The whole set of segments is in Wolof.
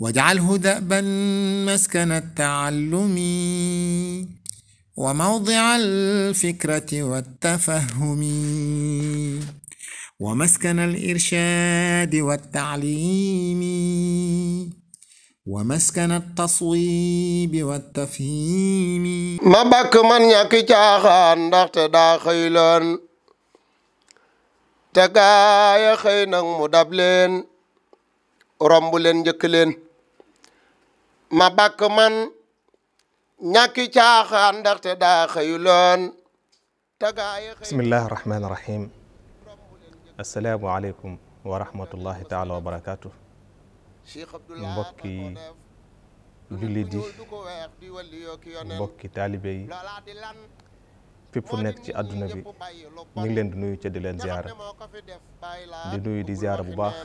واجعله دأبا مسكن التعلم وموضع الفكرة والتفهم ومسكن الإرشاد والتعليم ومسكن التصويب والتفهيم ما بك من ñàkk caaxaan ndaxte daa xëy leen te gaaya xëy nag mu dab leen romb leen njëkk leen ma bakk man ñàkki caaxaan ndaxte daa yu loon bismillahi rahmaani rahim asalaamu aleykum wa rahmatullahi taala wa barakaatu mbokki jullit yi mbokki taalibe yi nekk ci àdduna bi ñu ngi leen di nuyu ca di leen ziyaara di nuyu di ziyaara bu baax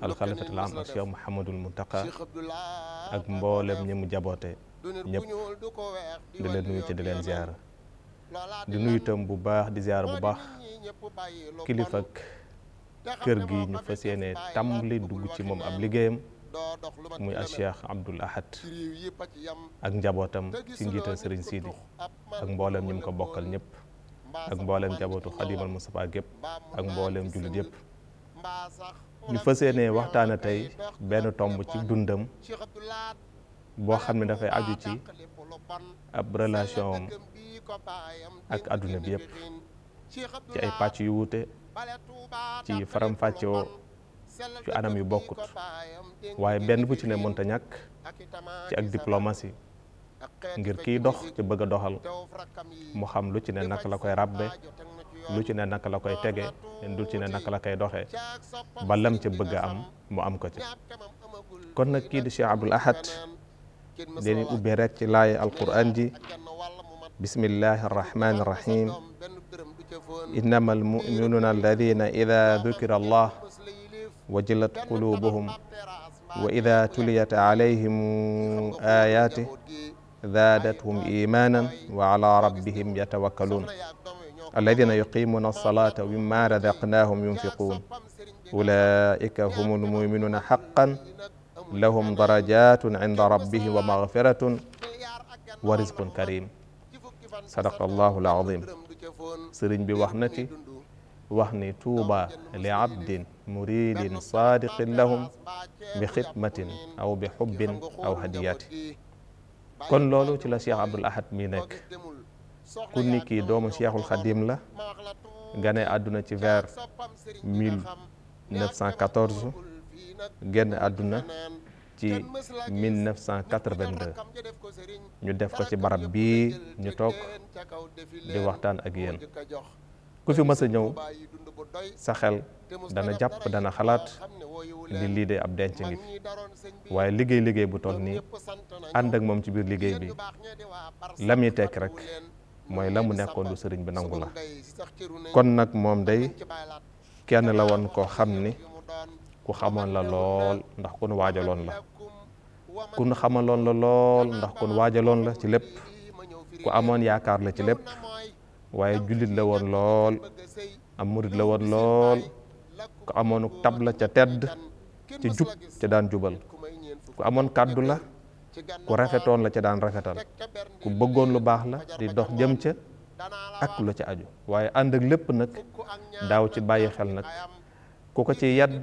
alxalifatul am ak Cheikh Mouhamadul Mountakha ak mbooleem ñi mu jaboote ñëpp di leen nuyu ci di leen ziara di nuyu bu baax di ziara bu baax kilifa kër gi ñu fas yéene tàmbali dugg ci moom ab liggéeyam muy al Cheikh Abdoul Ahad ak njabootam ci njiital Serigne Sidi ak mboolem ñi mu ko bokkal ñëpp ak mboolem njabootu Xadimal Mustafa gépp ak mboolem jullit yépp ñu fas yéenee waxtaana tey benn tomb ci dundam boo xam ne dafay aju ci ab relation ak àdduna bi yëpp ci ay pàcc yu wuute ci faram-fàccewoo anam yu bokkut waaye benn bu ci ne mënta ñàkk ci ak diplomatie ngir kiy dox ci bëgg a doxal mu xam lu ci ne naka la koy ràbbe lu ci ne naka la koy tege lu ci ne la koy doxee ba lam bëgg a am mu am ko ci kon nag kii di Cheikh Abdul Ahad dañu ubbi rek ci laaye alquran ji bismillahi arrahmani irrahim innama almuminuna alladina ida dukira allah wajilat qulubuhum wa ida tuliyat alayhim ayatih zaadathum imanan wa ala rabbihim yatawakkaluun alladina yuqimuna alsalata wa mimma razaqnahum yunfiqun ulaika humul muminuna haqqan lahum darajatun inda rabbihim wa maghfiratun wa rizqun karim sadaqallahu alazim sëriñ bi wax na ci wax ni tuuba li abdin muridin sadiqin lahum bi xidmatin aw bi xubbin aw hadiyati kon loolu ci la Cheikh Abdoul Ahad mi nekk kunni kii doomu Cheikhul Khadim la gane àdduna ci vers 1914 génn àdduna ci 1982 ñu def ko ci barab bii ñu toog di waxtaan ak yéen ku fi mës a ñëw sa xel dana jàpp dana xalaat li lii de ab denc ngi fi waaye liggéey liggéey bu toll nii ànd ak moom ci biir liggéey bi la tekk rek mooy la mu nekkoon lu sëriñ bi nangu la kon nag moom day kenn la woon koo xam ni ku xamoon la lool ndax kun waajaloon la kun xamaloon la lool ndax kun waajaloon la ci lépp ku amoon yaakaar la ci lépp waaye jullit la woon lool am murit la woon lool ku amoon tab la ca tedd ci jub ca daan jubal ku amoon kàddu la ku rafetoon la ca daan rafetal ku bëggoon lu baax la di dox jëm ca ak lu ci aju waaye ànd ak lépp nag daaw ci bàyyi xel nag ku ko ciy yadd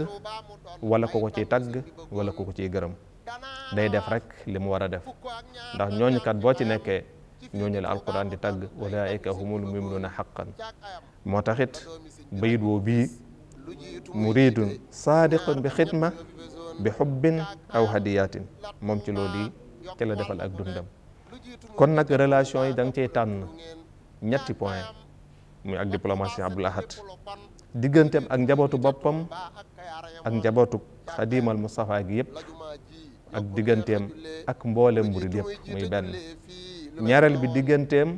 wala ku ko ciy tagg wala ku ko ciy gërëm day def rek li mu war a def ndax ñooñu kat boo ci nekkee ñooñu la alquran di tagg walaayika humul muminuuna xaqan moo taxit bayit woo bii muridun saadiqun bi xidma bi xubbin aw hadiyatin moom ci loolu te la defal ak dundam kon nag relation yi da nga tànn ñetti point muy ak diplomatie Abdul Ahad digganteem ak njabootu boppam ak njabootu diimal Moustapha gi yëpp ak digganteem ak mboolem murid yëpp muy benn ñaareel bi digganteem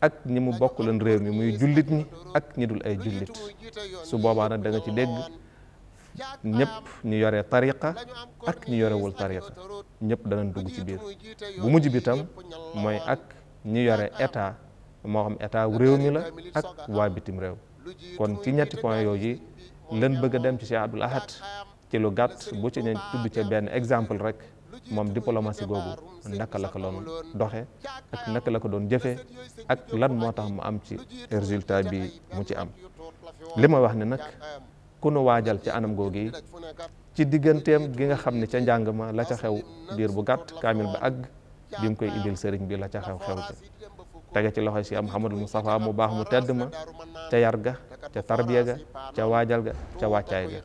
ak ñi mu bokk leen réew mi muy jullit ñi ak ñi dul ay jullit su boobaa nag da ci dégg ñëpp ñu yore tariqa ak ñu yorewul tariqa ñëpp danañ dugg ci biir bu mujj bi mooy ak ñu yore état moo xam état réew mi la ak waa bitim réew kon ci ñetti point yooyu leen bëgg a dem ci Cheikh la Ahad ci lu gàtt bu ci ne tudd ca benn exemple rek moom diplomatie googu naka la ko doon doxe ak naka la ko doon jëfe ak lan moo tax mu am ci résultat bi mu ci am li ma wax ne nag ku nu waajal ci anam googi ci digganteem gi nga xam ne ca njàng ma la ca xew diir bu gàtt kaamil ba àgg bi mu koy indil sëriñ bi la ca xew xew ca tege ci loxo si Mouhamadul Moustapha mu baax mu tedd ma ca yar ga ca tarbiya ga ca waajal ga ca wàccaay ga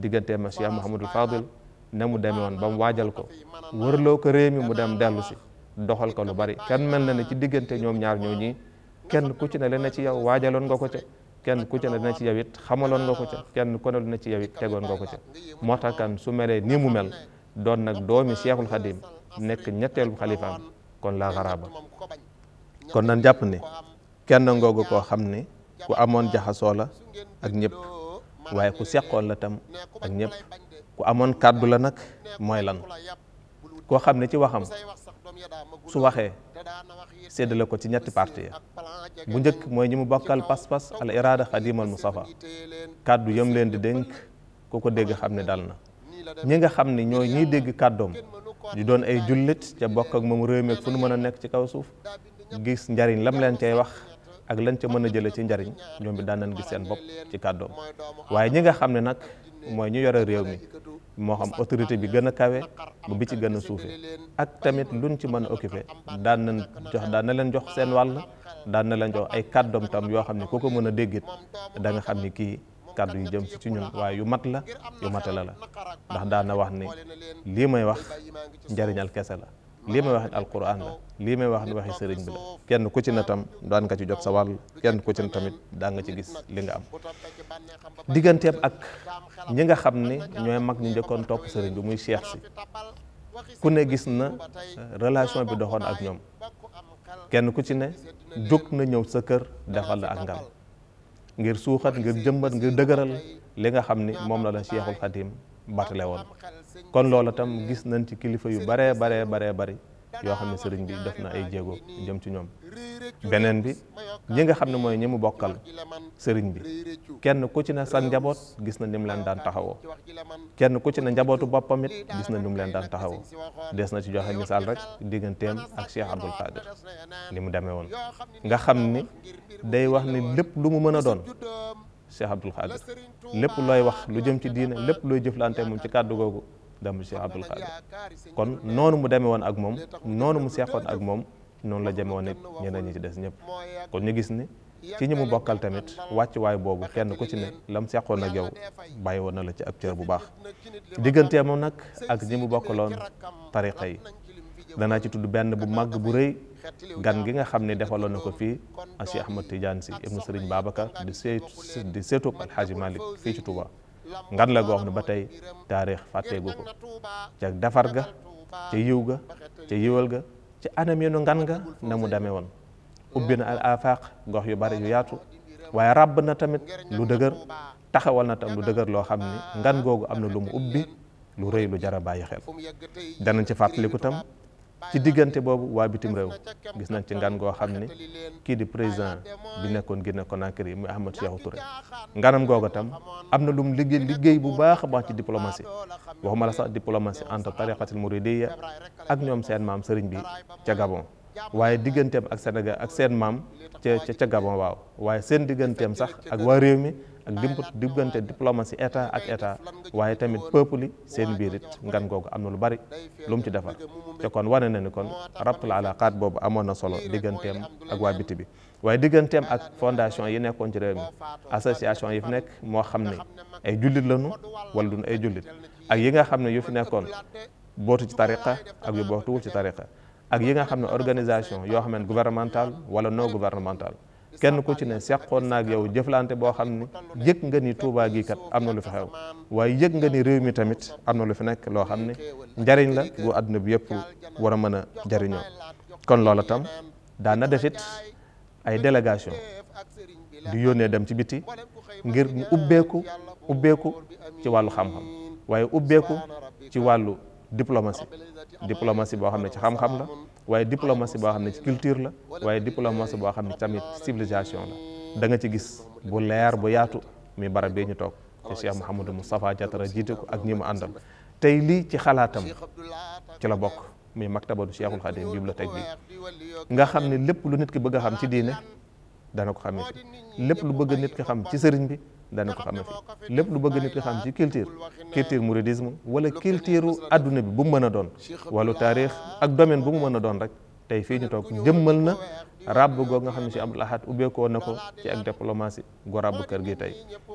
digganteem ma si Mouhamadul Fadil ne mu demee woon ba mu waajal ko wërloo ko réew mi mu dem dellu si doxal ko lu bari kenn mel na ne ci diggante ñoom ñaar ñoo ñi kenn ku ci leen na ci yow waajaloon kenn ku ca na dina ci yow it xamaloon nga ko ca kenn ku ne dina ci yow it tegoon nga ko ca moo tax kan su melee nii mu mel doon nag doomi Seexul Xadim nekk ñetteelu xalifaam kon laa xaraaba kon nan jàpp ne kenn ngoogu koo xam ne ku amoon jaxasoo la ak ñépp waaye ku seqoon la tam ak ñëpp ku amoon kàddu la nag mooy lan koo xam ne ci waxam su waxee séddale ko ci ñetti ya bu njëkk mooy ñi mu bokkal pas-pas al iraada mu mustafa kàddu yom leen di dénk ku ko dégg xam ne dal na ñi nga xam ne ñooy ñiy dégg kàddoom di doon ay jullit ca bokk ak moom réew mi fu nu mën a nekk ci kaw suuf gis njariñ lam leen cay wax ak lan ca mën a jële ci njariñ ñoom bi daan nañ gis seen bopp ci kàddoom waaye ñi nga xam ne nag mooy ñu yore réew mi moo xam autorité bi gën a kawe ba bi ci gën a suufe ak tamit luñ ci mën a occupé daan nañ jox daan na leen jox seen wàll daan na leen jox ay kàddoom tam yoo xam ne ku ko mën a déggit da nga xam ni kii kàddu yu jëm si ci ñun waaye yu mat la yu matala la la ndax daan na wax ni lii may wax njariñal kese la lii may wax alquran la lii may wax ni waxi sëriñ bi la kenn ku ci na tam doon nga ci jot sa wàll kenn ku ci ne tamit daa nga ci gis li nga am digganteem ak ñi nga xam ni ñooy mag ñu njëkkoon topp sëriñ bi muy seex si ku ne gis na relation bi doxoon ak ñoom kenn ku ci ne jóg na ñëw sa kër defal la ak ngal ngir suuxat ngir jëmbat ngir dëgëral li nga xam ni moom la la cheikhul xadim batale woon kon loola tam gis nañ ci kilifa yu baree baree baree bari yoo xam ne sëriñ bi def na ay jéego jëm ci ñoom beneen bi ñi nga xam ne mooy ñi mu bokkal sëriñ bi kenn ku ci ne sa njaboot gis na ni mu leen daan taxawoo kenn ku ci ne njabootu boppam it gis na ni mu leen daan taxawoo des na ci joxe misaal rek digganteem ak Cheikh Abdoul Khadir ni mu demee woon nga xam ni day wax ni lépp lu mu mën a doon Cheikh Abdoul Khadir lépp looy wax lu jëm ci diine lépp looy jëflante moom ci kàddu googu dam Cheikh Abdoul Khadir kon noonu mu demee woon ak moom noonu mu seexoon ak moom noonu la jëme woon it ñi ci des ñëpp kon ñu gis ni ci ñi mu bokkal tamit wàcc waay boobu kenn ku ci ne lam seqoon ak yow bàyyi woon na la ci ab cër bu baax diggantee moom nag ak ñi mu bokkaloon tariqa yi danaa ci tudd benn bu màgg bu rëy gan gi nga xam ne defaloon na ko fii Cheikh Ahmad Tidiane si ibnu Sëriñ Babacar di seetu di seetub Alxaaji Malik fii ci Touba ngan la goo xam ba tey taarix fàtteegu ko ca defar ga ca yiw ga ca yiwal ga ci anam yenu ngan nga na mu demee woon ubbi na al afaq gox yu bari yu yaatu waaye ràbb na tamit lu dëgër taxawal na tam lu dëgër loo xam ne ngan googu am na lu mu ubbi lu rëy lu jara bàyyi xel danañ ci fàttaliku tam ci diggante boobu waa bitim réew gis nañ ci ngan goo xam ne kii di président bi nekkoon Guinée Conakry muy Ahmed Sékou Touré nganam googu tam am na lu mu liggéey liggéey bu baax a baax ci diplomatie waxuma la sax diplomatie entre tariqatil mouridiyya ak ñoom seen maam sëriñ bi ca Gabon waaye digganteem ak senegal ak seen maam ca ca Gabon waaw waaye seen digganteem sax ak waa réew mi ak diggante diplomatie état ak état waaye tamit peuple yi seen biir it ngan googu am na lu bari lu mu ci defar te kon wane na ni kon rabtul alaqaat boobu amoon na solo digganteem ak waa biti bi waaye digganteem ak fondation yi nekkoon ci réew mi association yi fi nekk moo xam ne ay jullit lañu wala duñ ay jullit ak yi nga xam ne yu fi nekkoon bootu ci tariqa ak yu bootuwul ci tariqa ak yi nga xam ne organisation yoo xam ne gouvernementale wala non gouvernementale kenn ku ci ne seqoon naak yow jëflante boo xam ni yëg nga ni Touba gi kat am na lu fi xew waaye yëg nga ni réew mi tamit am na lu fi nekk loo xam ne njariñ la gu àdduna bi yëpp war a mën a jariñoo kon loola tam daan na defit ay délégation di yónnee dem ci biti ngir mu ubbeeku ubbeeku ci wàllu xam-xam waaye ubbeeku ci wàllu diplomatie diplomatie boo xam ne ci xam-xam la waaye diplomatie boo xam ne ci culture la waaye diplomatie boo xam ne tamit civilisation la da ci gis bu leer bu yaatu mi barab bi ñu toog te Cheikh Mouhamadou Moustapha Diatara jiite ko ak ñi mu àndal tey lii ci xalaatam ci la bokk muy maktabatu Cheikhul Khadim bibliothèque bi nga xam ne lépp lu nit ki bëgg a xam ci diine dana ko xamee lépp lu bëgg nit xam ci sëriñ bi dana ko xamante lépp lu bëgg nit ki xam ci culture culture mouridisme wala culture adduna bi bu mu mën a doon wala taarix ak domaine bu mu mën a doon rek tey fii ñu toog jëmmal na ràbb googu nga xam ne si Abdul Ahad ubbeekoo na ko ci ak diplomatie gu ràbb kër gi tey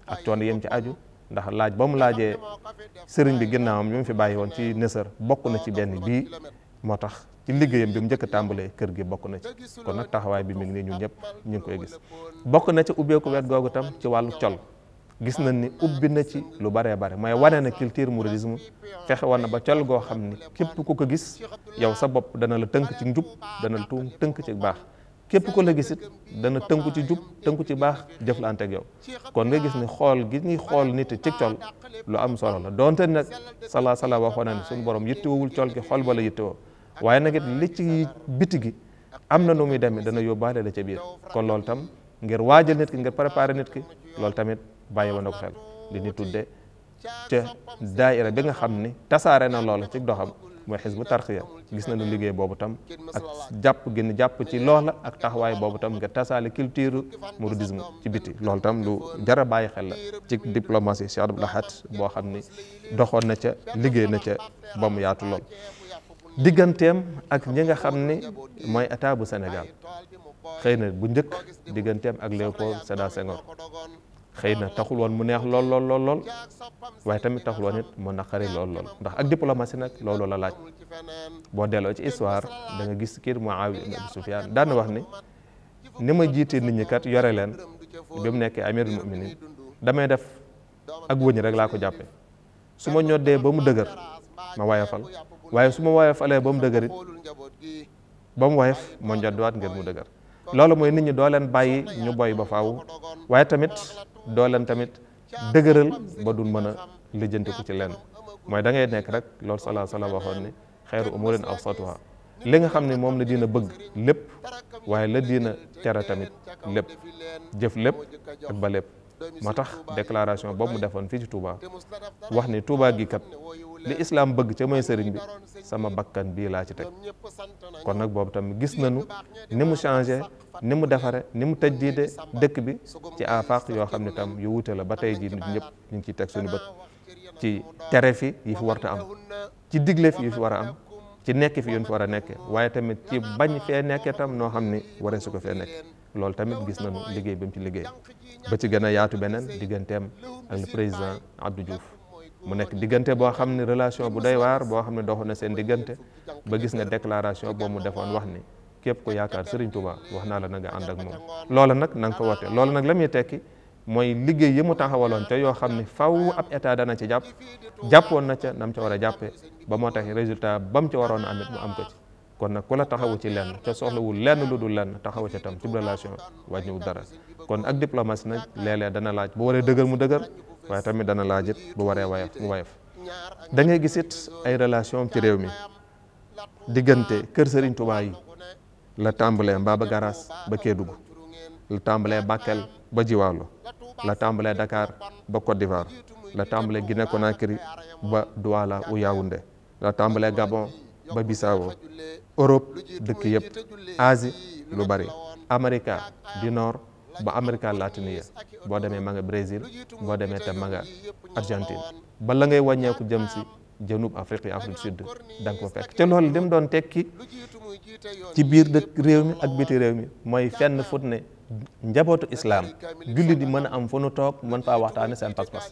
ak coono yem ci aju ndax laaj ba mu laajee sëriñ bi ginnaawam bi mu fi bàyyi woon ci nësër bokk na ci benn bii moo tax ci liggéeyam bi mu njëkk a tàmbalee kër gi bokk na ci kon nag taxawaay bi mu ngi nii ñun ñëpp ñu ngi koy gis bokk na ci ubbeeku wet googu tam ci wàllu col gis nañ ni ubbi na ci lu bare bare mooy wane na culture mouridisme fexe woon na ba col goo xam ni képp ku ko gis yow sa bopp dana la tënk ci njub dana la tuum tënk ci baax képp ko la gis it dana tënku ci jub tënku ci baax jëflante yow kon nga gis ni xool gi ñuy xool nit ci col lu am solo la donte nag salaa salaa waxoon na ni suñu borom yittewul col gi xol bala yittewoo waaye nag it li ci biti am na nu muy demee dana yóbbaale la ca biir kon loolu tam ngir waajal nit ki ngir préparer nit ki loolu tamit bàyyi woon na xel li ñu tudde ca daaira bi nga xam ni tasaare na loola ci doxam mooy xisbu tarxiya gis na nu liggéey boobu tam ak jàpp gën jàpp ci loola ak taxawaay boobu tam nga tasaale culture mouridisme ci biti lool tam lu jar a bàyyi xel la ci diplomatie Cheikh Abdou Lahad boo xam ni doxoon na ca liggéey na ca ba mu yaatu lool digganteem ak ñi nga xam ni mooy état bu senegal xëy na bu njëkk digganteem ak Léopold Sédar Senghor xëy na taxul woon mu neex lool lool lool lool waaye tamit taxul woon it mu naqari lool lool ndax ak ma si nag loolu la laaj boo delloo ci histoire da nga gis kii Muawiya ibn Abi Sufyaan daan wax ni ni ma jiitee nit ñi kat yore leen bi mu nekkee amirul muminin damay def ak wëñ rek laa ko jàppe su ma ñoddee ba mu dëgër ma wayafal waaye su ma wayafalee ba mu dëgër ba mu wayaf ma ñodduwaat ngir mu dëgër loolu mooy nit ñi doo leen bàyyi ñu boy ba faw tamit doo leen tamit dëgëral ba duñ mën a lijjanti ci lenn mooy da ngay nekk rek loolu salaa salaa waxoon ni xayru umurin awsatuha li nga xam ne moom la diina bëgg lépp waaye la diina tere tamit lépp jëf lépp ak ba lépp moo tax déclaration boobu mu defoon fii ci Touba wax ni Touba gi kat li islam bëgg ca may sëriñ bi sama bakkan bii laa ci teg kon nag boobu tamit gis nañu ni mu changé ni mu defare ni mu tëj diide dëkk bi ci afaq yoo xam ne tam yu wuute la ba tey jii nit ñëpp ñu ngi ciy teg suñu bët ci tere fi yi fi warta am ci digle fi fi war a am ci nekk fi yun fi war a nekke waaye tamit ci bañ fee nekke tam noo xam ni waree su ko fee nekk loolu tamit gis nañu liggéey ba mu ci liggéey ba ci gën a yaatu beneen digganteem ak le président Abdou Diouf mu nekk diggante boo xam ne relation bu doy waar boo xam ne doxoon na seen diggante ba gis nga déclaration boo mu defoon wax ni képp ko yaakaar Serigne Touba wax naa la na nga ànd ak moom loola nag na nga ko woote loola nag la muy tekki mooy liggéey yi mu taxawaloon ca yoo xam ne faw ab état dana ci jàpp jàppoon na ca nam ca war a jàppe ba moo tax résultat ba mu ci waroon a amit mu am ko kon nag ku la taxawu ci lenn ca soxlawul lenn lu dul lenn taxawu ca tam ci relation wàññiwul dara kon ak diplomatie nag léeg dana laaj bu waree dëgër mu dëgër waaye tamit dana laaj it bu waree wayaf mu wayaf da ngay gis ay relation ci réew mi diggante kër Serigne Touba yi la tàmbalee Mbaba Garas ba Kédougou la tàmbalee Bakel ba Jiwaalo la tàmbalee Dakar ba Côte d'Ivoire la tàmbalee Guinée Conakry ba Douala ou Yaoundé la tàmbalee Gabon ba Bissau Europe dëkk yëpp Asie lu bari america du Nord ba Amérique latine boo demee ma nga Brésil boo demee te ma nga Argentine ba la ngay wàññeeku jëm si jënub Afrique Afrique Sud da nga fekk te loolu li mu ci biir dëkk réew mi ak biti réew mi mooy fenn fut njabootu islaam julli di mën a am fu toog mën faa waxtaane seen pas-pas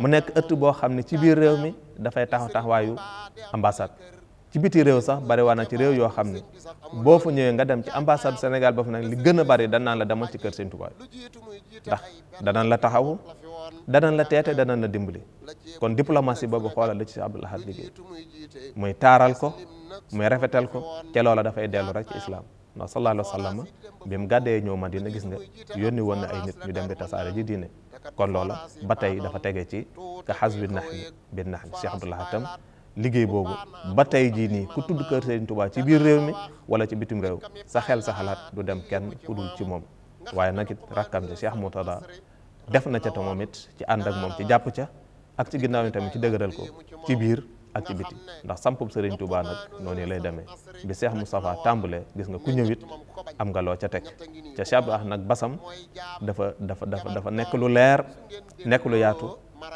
mu nekk ëtt boo xam ne ci biir réew mi dafay taxaw taxawaayu ambassade ci biti réew sax bari waa na ci réew yoo xam ne boo fu ñëwee nga dem ci ambassade senegal ba fa nag li gën a bari danaan la demal ci kër Sëñ Tuubaa ndax danaan la taxawu danaan la teete danaan la dimbali kon diplomatie boobu xoolal da ci Abdul Ahad liggéey muy taaral ko muy rafetal ko ca loola dafay dellu rek ci islaam ndax sallallahu alayhi wa sallam bi mu gàddee ñëw Madina gis nga yónni woon na ay nit ñu dem di tasaare ji diine kon loola ba tey dafa tege ci ka xas bi nax mi bi nax mi Cheikh Abdoulaye tam liggéey boobu ba tey jii nii ku tudd kër Serigne Touba ci biir réew mi wala ci bitim réew sa xel sa xalaat du dem kenn ku ci moom waaye nag it rakkam ci Cheikh Moutada def na ca te moom it ci ànd ak moom ci jàpp ca ak ci ginnaaw ni tamit ci dëgëral ko ci biir ak ci biti ndax sampub Serigne Touba nag noonu lay demee bi Cheikh Moustapha tàmbale gis nga ku ñëwit am nga loo ca teg ca Cheikh Abdou nag basam dafa dafa dafa dafa nekk lu leer nekk lu yaatu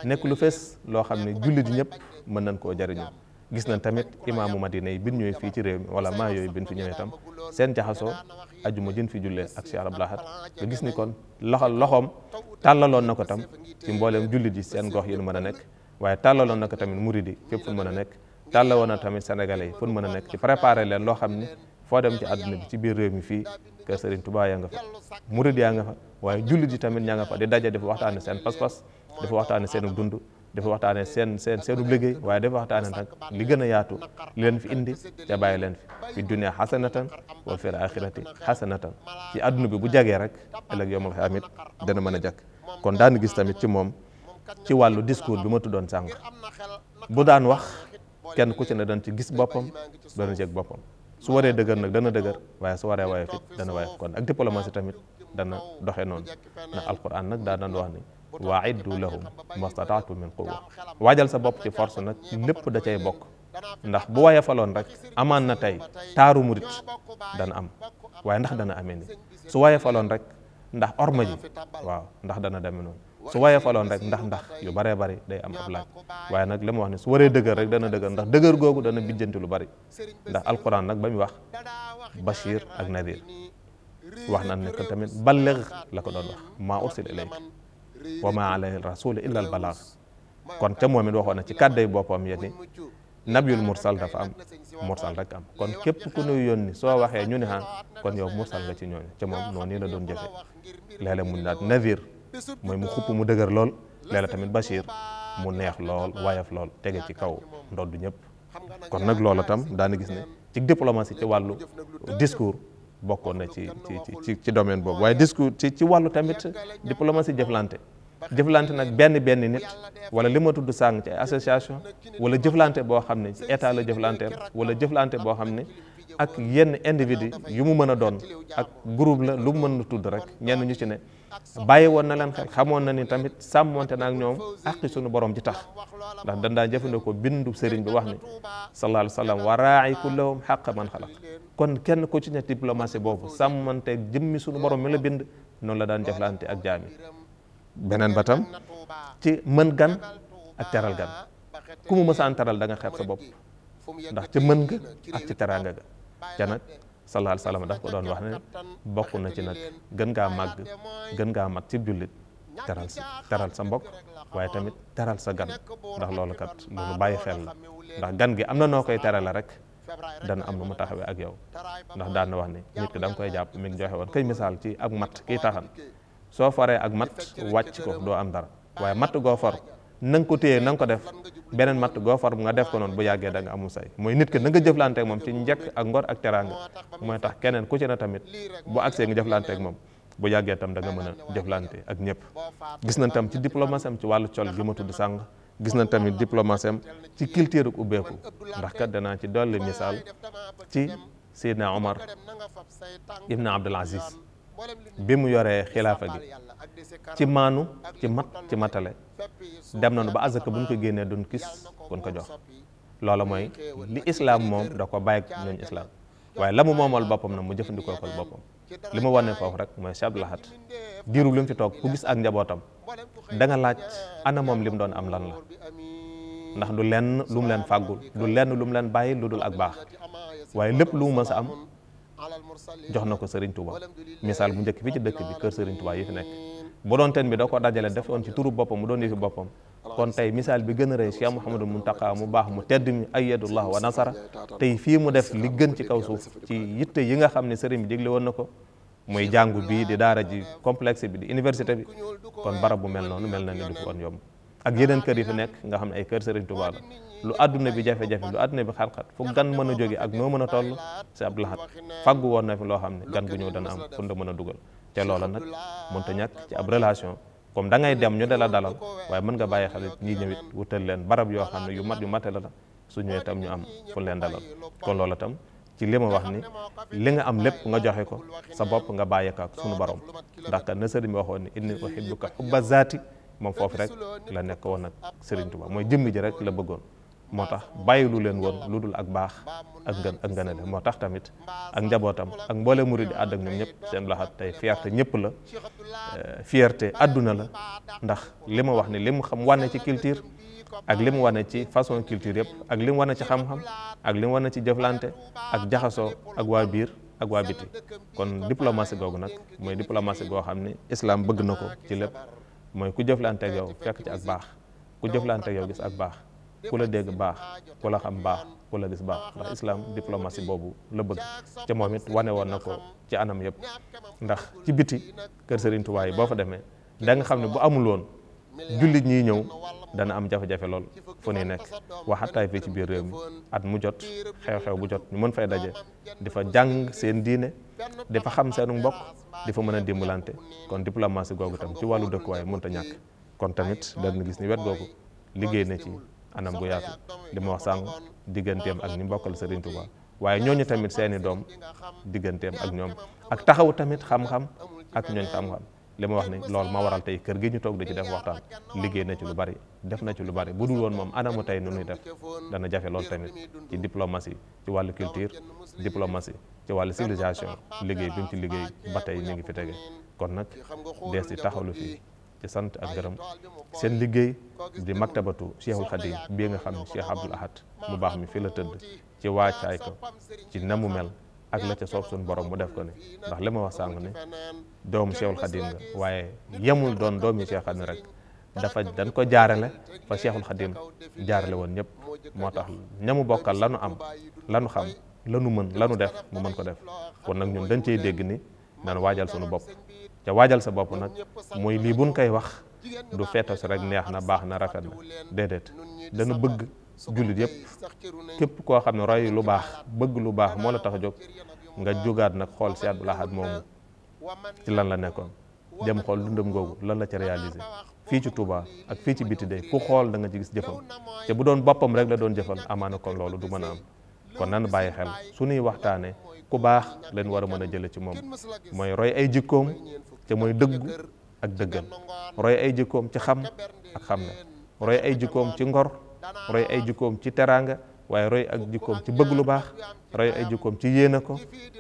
nekk lu fees loo xam ne jullit ñëpp mën nañ koo jariñoo gis nañ tamit imaamu madina yi bin ñëwee fii ci réew mi wala maa yooyu bin fi ñëwee tam seen jaxasoo ajuma jën fi jullee ak Cheikh Abdou Lahad nga gis ni kon loxo loxoom tàllaloon na ko tam ci mbooleem jullit yi seen gox yi nu mën a nekk waaye tàllaloon na ko tamit murid yi fépp fu mën a nekk tàllaloon na tamit sénégalais yi fu mën nekk ci préparé leen loo xam ne foo dem ci àdduna bi ci biir réew mi fii kër Serigne Touba yaa nga fa murid yaa nga fa waaye jullit yi tamit ñaa nga fa di daje dafa waxtaane seen pas-pas dafa waxtaane seenu dund dafa waxtaane seen seen seenu liggéey waaye dafa waxtaane nag li gën a yaatu leen fi indi te bàyyi leen fi fi dunya xasanatan wa fil axirati xasanatan ci àdduna bi bu jagee rek ëllëg yowmal xiyaam it dana mën a jag kon daan gis tamit ci moom ci wàllu discours bi ma tuddoon sànq bu daan wax kenn ku ci ne dana ci gis boppam dana yëg boppam su waree dëgër nag dana dëgër waaye su waree waaye fit dana waaye kon ak diplomatie tamit dana doxe noonu ndax alquran nag daa daan wax ni waiddu lahum mastataatu min quwa waajal sa bopp ci force nag lépp da cay bokk ndax bu waye faloon rek amaan na tey taaru murit dana am waaye ndax dana amee ni su waye faloon rek ndax orma ji waaw ndax dana demee su waye faloon rek ndax ndax yu baree bari day am ab laaj waaye nag li mu wax ne su waree dëgër rek dana dëgër ndax dëgër googu dana bijjanti lu bari ndax alquran nag ba muy wax bashir ak nadir wax na ne tamit balligh la ko doon ma maa ursil ilayk wa maa alayhi rasul illa al kon ca moom it waxoon na ci kàdday boppam yéen nab nabiyul mursal dafa am mursal rek am kon képp ku nuy yónni soo waxee ñu ne kon yow mursal nga ci ñooñu ca moom noonu la doon jëfe léeg-léeg mun naat nadir mooy mu xupp mu dëgër lool léeg tamit Bachir mu neex lool wayaf lool tege ci kaw ndodd ñëpp kon nag loola tam daana gis ne ci diplomatie ci wàllu discours bokkoon na ci ci ci ci domaine boobu waaye discours ci ci wàllu tamit diplomatie jëflante jëflante nag benn benn nit wala li ma tudd sàng ci association wala jëflante boo xam ne ci état la jëflanteel wala jëflante boo xam ne ak yenn individu yu mu mën a doon ak groupe la lu mu mën na tudd rek ñenn ñu ci ne bàyyi woon na leen xel xamoon na ni tamit sàmmonte na ak ñoom àqi suñu borom ji tax ndax dandaan jëfandikoo bindu sëriñ bi wax ni sallallahu alayhi wa sallam wa raa'i kon kenn ku ci ne diplomatie boobu sàmmonte ak jëmmi suñu borom mi la bind noonu la daan jëflante ak jaami beneen ba tam ci mën gan ak teral gan ku mu mësaan teral da nga xeeb sa bopp ndax ci mën ga ak ci teraanga ga ca nag sallallahu alayhi wa sallam daf ko doon wax ne bokk na ci nag gën ngaa màgg gën ngaa mat ci jullit teral sa teral sa mbokk waaye tamit teral sa gan ndax loolu kat loolu bàyyi xel la ndax gan gi am na noo koy terale rek dana am na mu taxawee ak yow ndax daan na wax ne nit ki da koy jàpp mi ngi joxe woon kay misaal ci ak matt kii taxan soo foree ak mat wàcc ko doo am dara waaye matt goo for na ko téye na nga ko def beneen matt goo far nga def ko noonu bu yàggee danga nga amul say mooy nit ki na nga jëflanteeg moom ci njëkk ak ngor ak teraanga mooy tax keneen ku ci na tamit bu agsee nga jëflanteeg moom bu yàggee tam danga nga mën a jëflante ak ñëpp gis nañ tam ci diplomatie am ci wàllu col gi ma tudd sàng gis nañ tamit diplomatie am ci culture ak ubbeeku ndax kat danaa ci dolli misaal ci Seydina Omar Ibn Abdul Aziz bi mu yoree xilaafa gi ci maanu ci mat ci matale dem nu ba azaka buñ ko génnee duñ gis buñ ko jox loola mooy li islaam moom da ko bàyyi ñooñu islaam waaye la mu moomal boppam na mu jëfandikoo ko boppam li ma wane foofu rek mooy Cheikh Abdou Lahad diiru li mu fi toog ku gis ak njabootam da nga laaj ana moom li mu doon am lan la ndax du lenn lu mu leen fàggul du lenn lu mu leen bàyyi lu dul ak baax waaye lépp lu mu mës am jox na ko Serigne Touba misaal bu njëkk fii ci dëkk bi kër Serigne Touba yi fi nekk bu doon teen bi da ko dajale defoon ci turu boppam mu doon yëfi boppam kon tey misaal bi gën a rëy Cheikh Mouhamadou Mountakha mu baax mu tedd mi ayyadullah wa nasara tey fii mu def li gën ci kaw suuf ci yitte yi nga xam ne sëriñ bi digle woon na ko muy jàngu bii di daara ji complexe bi di université bi kon barab bu mel noonu mel na ni du fi ak yeneen kër yi fi nekk nga xam ne ay kër Serigne Touba la lu adduna bi jafe-jafe lu adduna bi xat-xat fu gan mën a jóge ak noo mën a toll si Abdou Lahad faggu woon na fi loo xam ne gan gu ñëw dana am fu la mën a dugal te loola nag mënta ñàkk ci ab relation comme da ngay dem ñu dala dalal waaye mën nga bàyyi xel ñi ñëwit wutal leen barab yoo xam ne yu mat yu mate la su ñëwee tam ñu am fu leen dalal kon loola tam ci li ma wax ni li nga am lépp nga joxe ko sa bopp nga bàyyi ko ak sunu borom ndax ka na sëriñ bi waxoon ni inni uhibbuka hubba zaati moom foofu rek la nekk woon ak Serigne Touba mooy jëmmi ji rek la bëggoon moo tax bàyyilu leen woon lu dul ak baax ak ngën ak ngënale moo tax tamit ak njabootam ak mboole murid di àdd ak ñoom ñëpp seen laxat tey fierté ñëpp la euh, fierté àdduna la ndax li ma wax ni li mu xam wane ci culture ak li mu wane ci façon culture yëpp ak li mu wane ci xam-xam ak li mu wane ci jëflante ak jaxasoo ak waa biir ak waa biti kon diplomatie googu nag mooy diplomatie goo xam ni islam bëgg na ko ci lépp mooy ku jëflante ak yow fekk ci ak baax ku jëflante ak yow gis ak baax ku la dégg baax ku la xam baax ku la gis baax ndax islam diplomatie boobu la bëgg ca moom wane woon na ko ci anam yëpp ndax ci biti kër Serigne boo fa demee da nga xam ne bu amul woon jullit ñiy ñëw dana am jafe-jafe lool foo ni nekk waxataay fii ci biir réew mi at mu jot xew-xew bu jot ñu mën fay daje di fa jàng seen diine dafa xam seenu mbokk fa mën a dimbalante kon diplomatie googu tam ci wàllu dëkkuwaay mënta ñàkk kon tamit dana gis ni wet googu liggéey na ci anam bu yaatu li ma wax sànq digganteem ak ñi mbokkal Serigne Touba waaye ñooñu tamit seeni doom digganteem ak ñoom ak taxaw tamit xam-xam ak ñooñ xam-xam li ma wax ne lool ma waral tey kër gi ñu toog di ci def waxtaan liggéey na ci lu bari def na ci lu bari bu dul woon moom anamu tey nu nuy def dana jafe loolu tamit ci diplomatie ci wàllu culture diplomatie ci wàllu civilisation liggéey bi mu ci liggéey ba tey mi ngi fi tege kon nag dees si taxawlu fii ci sant ak gërëm seen liggéey di maktabatu cheikhul xadim bii nga xam ne cheikh abdul ahad mu baax mi fi la tëdd ci waacaay ko ci na mu mel ak la ca soob suñu borom mu def ko ne ndax li ma wax sànq ne doomu cheikhul xadim nga waaye yemul doon doomi cheikh xadim rek dafa dañ ko jaarale fa cheikhul xadim jaarale woon ñëpp moo tax ñamu bokkal lanu am la xam lanu mën lanu def mu mën ko def kon nag ñun dañ cee dégg ni nan waajal sunu bopp ca waajal sa bopp nag mooy lii buñ koy wax du feeto si rek neex na baax na rafet na déedéet dana bëgg jullit yëpp képp koo xam ne roy lu baax bëgg lu baax moo la tax a jóg nga jógaat nag xool si Abdul Ahad moomu ci lan la nekkoon jëm xool dundam googu lan la ca réalisé fii ci Touba ak fii ci biti day ku xool da nga ci gis jëfam te bu doon boppam rek la doon jëfal amaana kon loolu du mën a am kon nan bàyyi xel suñuy waxtaanee ku baax leen war a mën a jële ci moom mooy roy ay jikkoom ca mooy dëggu ak dëggal roy ay jikkoom ci xam ak xam ne roy ay jikkoom ci ngor roy ay jikkoom ci teraanga waaye roy ak jikkoom ci bëgg lu baax roy ay jikkoom ci yéene ko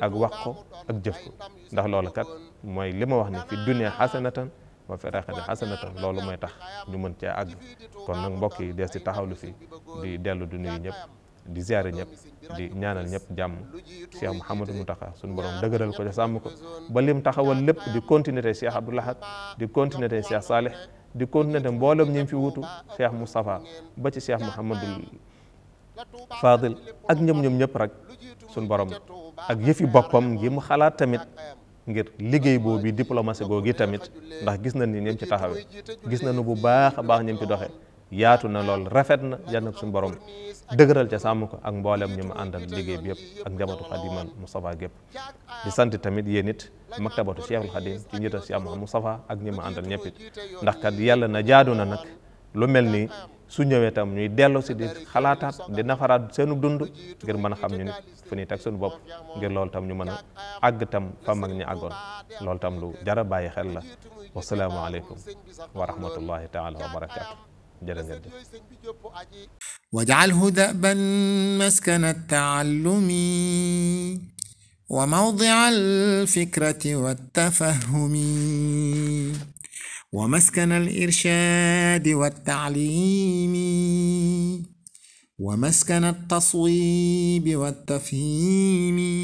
ak wax ko ak jëf ko ndax loolu kat mooy li ma wax ni fi dunya xasanatan wa fi aaxirati xasanatan loolu mooy tax ñu mën cee àgg kon nag mbokk yi des ci taxawlu fi di dellu du nuyu di ziare ñëpp di ñaanal ñëpp jàmm Cheikh Mouhamadou Mountakha suñu borom dëgëral ko te sàmm ko ba lim taxawal lépp di continuité Cheikh Abdou Lahad di continuité Cheikh Salih di continuité mboolem ñi fi wutu Cheikh Moustapha ba ci Cheikh Mouhamadou Fadil ak ñoom ñoom ñëpp rek suñu borom ak yëfi boppam yi mu xalaat tamit. ngir liggéey boobu diplomatie googu tamit ndax gis nañ ni ñoom ci taxawee gis nañu bu baax baax ñoom ci doxee yaatu na lool rafet na yal na ko suñu dëgëral ca sàmm ko ak mboolem ñu mu àndal liggéey bi yëpp ak njabootu xadiman Moustapha gépp di sant tamit yéen it maktabatu Cheikhul Xadim ci si Cheikh Mouhamed Moustapha ak ñi mu àndal ñëpp it ndax kat yàlla na jaadu na nag lu mel ni su ñëwee tam ñuy dellu si di xalaataat di nafaraat seenu dund ngir mën a xam ñu nit fu ñuy teg suñu bopp ngir loolu tam ñu mën a àgg tam fa mag ñi àggoon loolu tam lu jara bàyyi xel la wasalaamualeykum wa rahmatullahi taala wa barakaatu jërë ngeen jëf waj'alhu da'ban maskana ta'allumi wa mawdi'a al-fikrati wat-tafahumi wa maskana al-irshadi wat-ta'limi wa maskana at-taswibi wat-tafhimi